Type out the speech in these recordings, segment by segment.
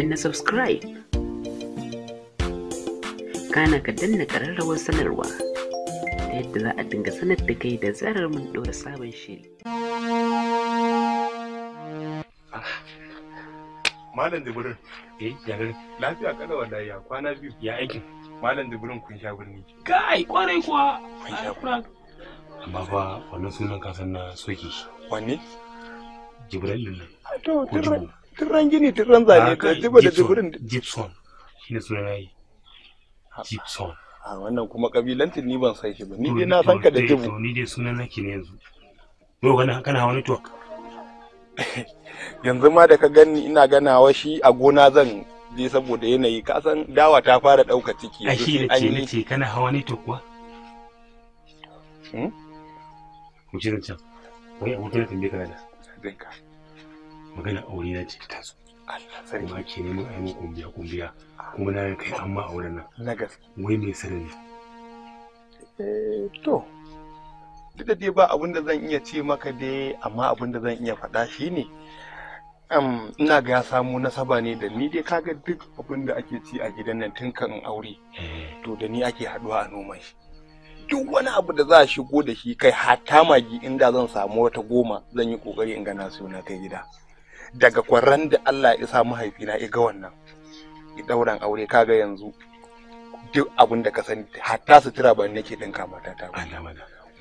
danna subscribe kana ka danna ƙararrawar sanarwa ta yadda za a dinga sanar da kai da zarar mun ɗora sabon shiri malam da burin eh yanar lafiya kada wallahi ya kwana biyu ya aikin malam da burin kun sha burin ki kai kwarai kuwa kun sha birni amma fa wannan sunan kasan na soke shi wanne jibril lillah to Tirran gini, tirran zane, ka zuba da zuburin. Gibson, shi da suna yi. Gibson. A ah, wannan kuma kabilancin ni ban san shi ba, ni dai na san ka da jibu. To ni dai sunan nake ne yanzu. Yau kana kana hawa network. Yanzu ma da ka gani ina ganawa shi a gona zan je saboda yanayi ka san dawa ta fara ɗauka ciki. A shi da ce nace kana hawa network kuwa? Mu hmm? ce zan can. Wai abokin da tambaye ka da. Zan ka. magana aure na ce ta zo kuma ke neman a yi mu kumbiya kumbiya kuma na kai an ma auren nan na gaske wai mai sirri eh, to duk da dai ba abin da zan iya ce maka dai amma abin da zan iya faɗa shi ne ina ga ya samu nasaba ne da ni dai kaga duk abin da ake ci a gidan nan tun kan aure eh. to da ni ake haɗuwa a noman shi duk wani abu da za a shigo da shi kai hata magi inda zan samu wata goma zan yi kokari in gana suna kai gida daga kwaran da Allah ya sa mahaifina ya ga wannan ya dauran aure kaga yanzu duk abin da ka sani hatta sutura ba nake dinka mata ta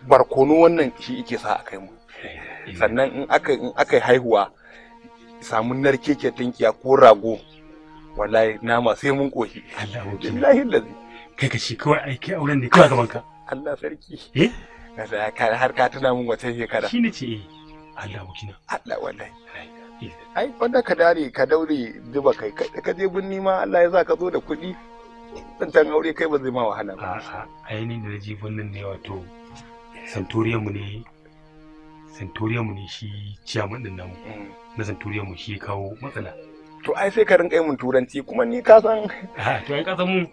barkono wannan shi yake sa a kai mu eh, eh. sannan in aka in aka yi haihuwa samu narke ke tinkiya ko rago wallahi nama sai mun koshi wallahi lazi kai ka shi kawai aiki auren ne kawai gaban ka Allah sarki eh har ka tuna mun wata shekara shine ce eh Allah wakina Allah wallahi ai wanda ka dare ka daure zuba kai ka je binni ma Allah ya sa ka zo da kuɗi tsantan aure kai ba zai ma wahala ba a'a ainihin da ji nan ne wato santoriyan mu ne santoriyan mu ne shi ciyaman din namu mm. na santoriyan mu shi kawo matsala to ai sai ka rinka yin mun turanci kuma ni ka san to ai ka san mu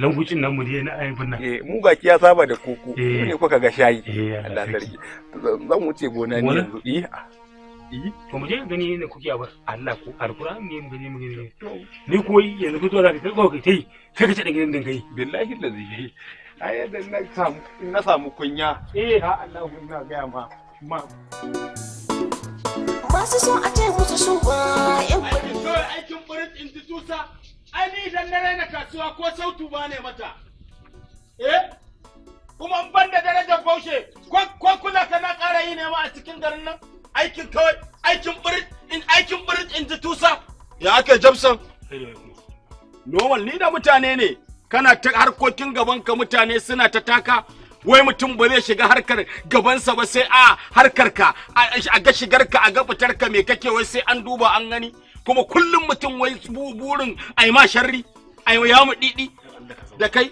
langucin nan mu ne na ayyukan nan eh mu baki ya saba da koko eh. ne kuka ga shayi eh, Allah sarki zan wuce gona ne yanzu eh Eh, to mu je gani ne kuke abar Allah ko alquran ne mu gani mu gani ni kuma yanzu fito da kai kawai kai sai ka ce da gidan kai billahi lazi ai yadda na samu na samu kunya eh ha Allah na ga ma ma ba su son a taya musu su ba yan kudi to aikin burit in ji tusa ai ni idan na raina kasuwa ko sautu ba ne mata eh kuma ban da darajar baushe ko kula kana ƙara yi ne ma a cikin garin nan aikin kawai aikin birit in aikin birit in tusa ya aka jamsan normal ni da mutane ne kana ta harkokin gaban ka mutane suna ta taka wai mutum ba zai shiga harkar gabansa ba sai a harkar ka a ga shigar ka a ga fitar ka me kake wai sai an duba an gani kuma kullum mutum wai burin ai ma sharri ai ya mu didi da kai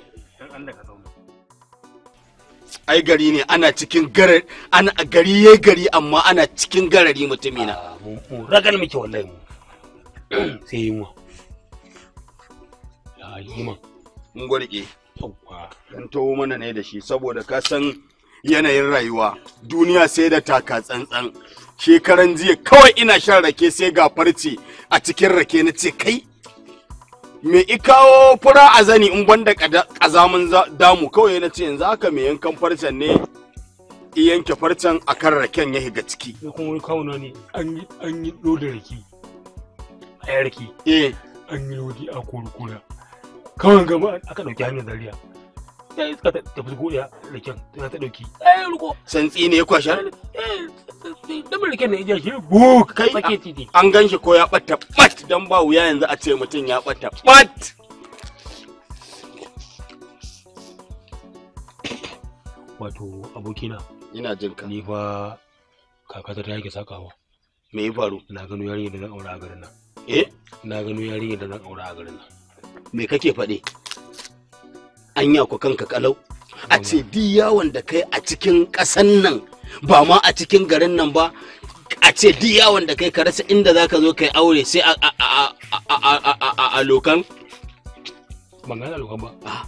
ai gari ne ana cikin garar ana gari ya gari amma ana cikin garari mutumina ah, mu ragal muke wallahi sai yi mu ya yi mu mun gurge dan tawo mana ne da shi saboda ka san yanayin rayuwa duniya sai da taka tsantsan shekaran jiya kawai ina shan rake sai ga farce a cikin rake na ce kai me ikawo fura a zani in banda kazamun damu kawai na ce yanzu aka me yankan farcen ne i yanke farcen a kan raken ya higa ciki da kuma wani kawo ne an yi lodi rake a yarki eh an yi lodi a kurkura kawai gaba aka dauki hanyar zariya. ya yi suka tafi goya raken ta ta dauki eh ruko santsi ne ya kwashe eh da mulkin ne ijiyar shi buk kai sake titi an gan shi ko ya ɓata bat don ba wuya yanzu a ce mutum ya ɓata bat wato abokina ina jin ka ni fa kakata ta yake sakawa me ya faru na gano yarinya da na aura a garin nan eh na gano yarinya da na aura a garin nan me kake faɗi anya ku kanka kalau a ce di yawon da kai a cikin ƙasan nan ba ma a cikin garin nan ba a ce duk yawon da kai ka rasa inda za ka zo kai aure sai a lokan ban gane lokan ba ah.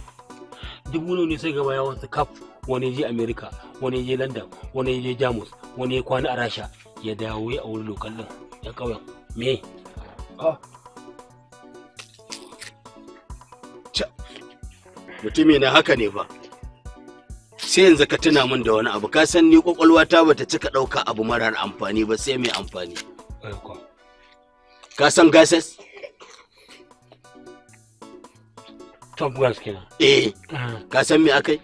duk wani ne sai gaba yawon su kaf wani je Amerika, wani je london wani je jamus wani ya kwana a rasha ya dawo ya aure lokan din ya kauyen me ah. mutumi na haka ne ba sai yanzu ka tuna min da wani abu ka san ni kwakwalwa ta bata cika ɗauka abu marar amfani ba sai mai amfani ka san gases top gas kenan eh, eh. ka san me akai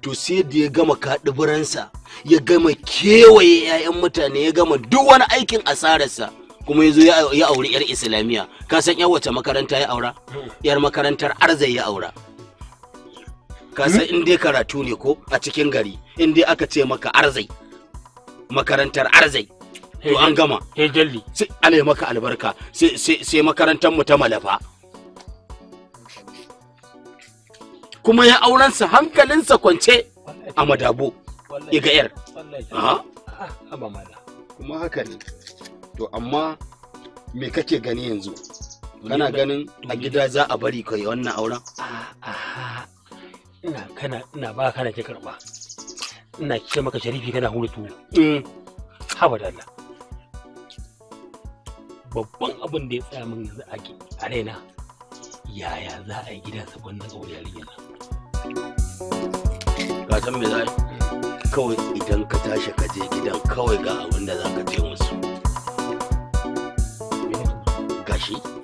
to sai da ya gama kaɗuburansa ya gama kewaye 'ya'yan mutane ya gama duk wani aikin asararsa kuma ya ya auri 'yar islamiyya ka san 'yan wace makaranta ya aura 'yar hmm. makarantar arzai ya aura ka san in dai karatu ne ko a cikin gari in dai aka ce maka arzai makarantar arzai to an gama sai alai maka albarka sai makarantar mu ta malafa kuma ya aurensa hankalinsa kwance a madabo iga yar ah, kuma haka ne to amma me kake gani yanzu kana ganin a gida za a bari kai wannan auren ah, ina kana ina ba kana ke karba ina ce maka sharifi kana hura tuwo eh. haba da babban abin da ya tsaya min yanzu ake a raina yaya za a yi gidan sabon na kawai yarinyar ga san me za kawai idan ka tashi ka je gidan kawai ga abin da za ka ce musu gashi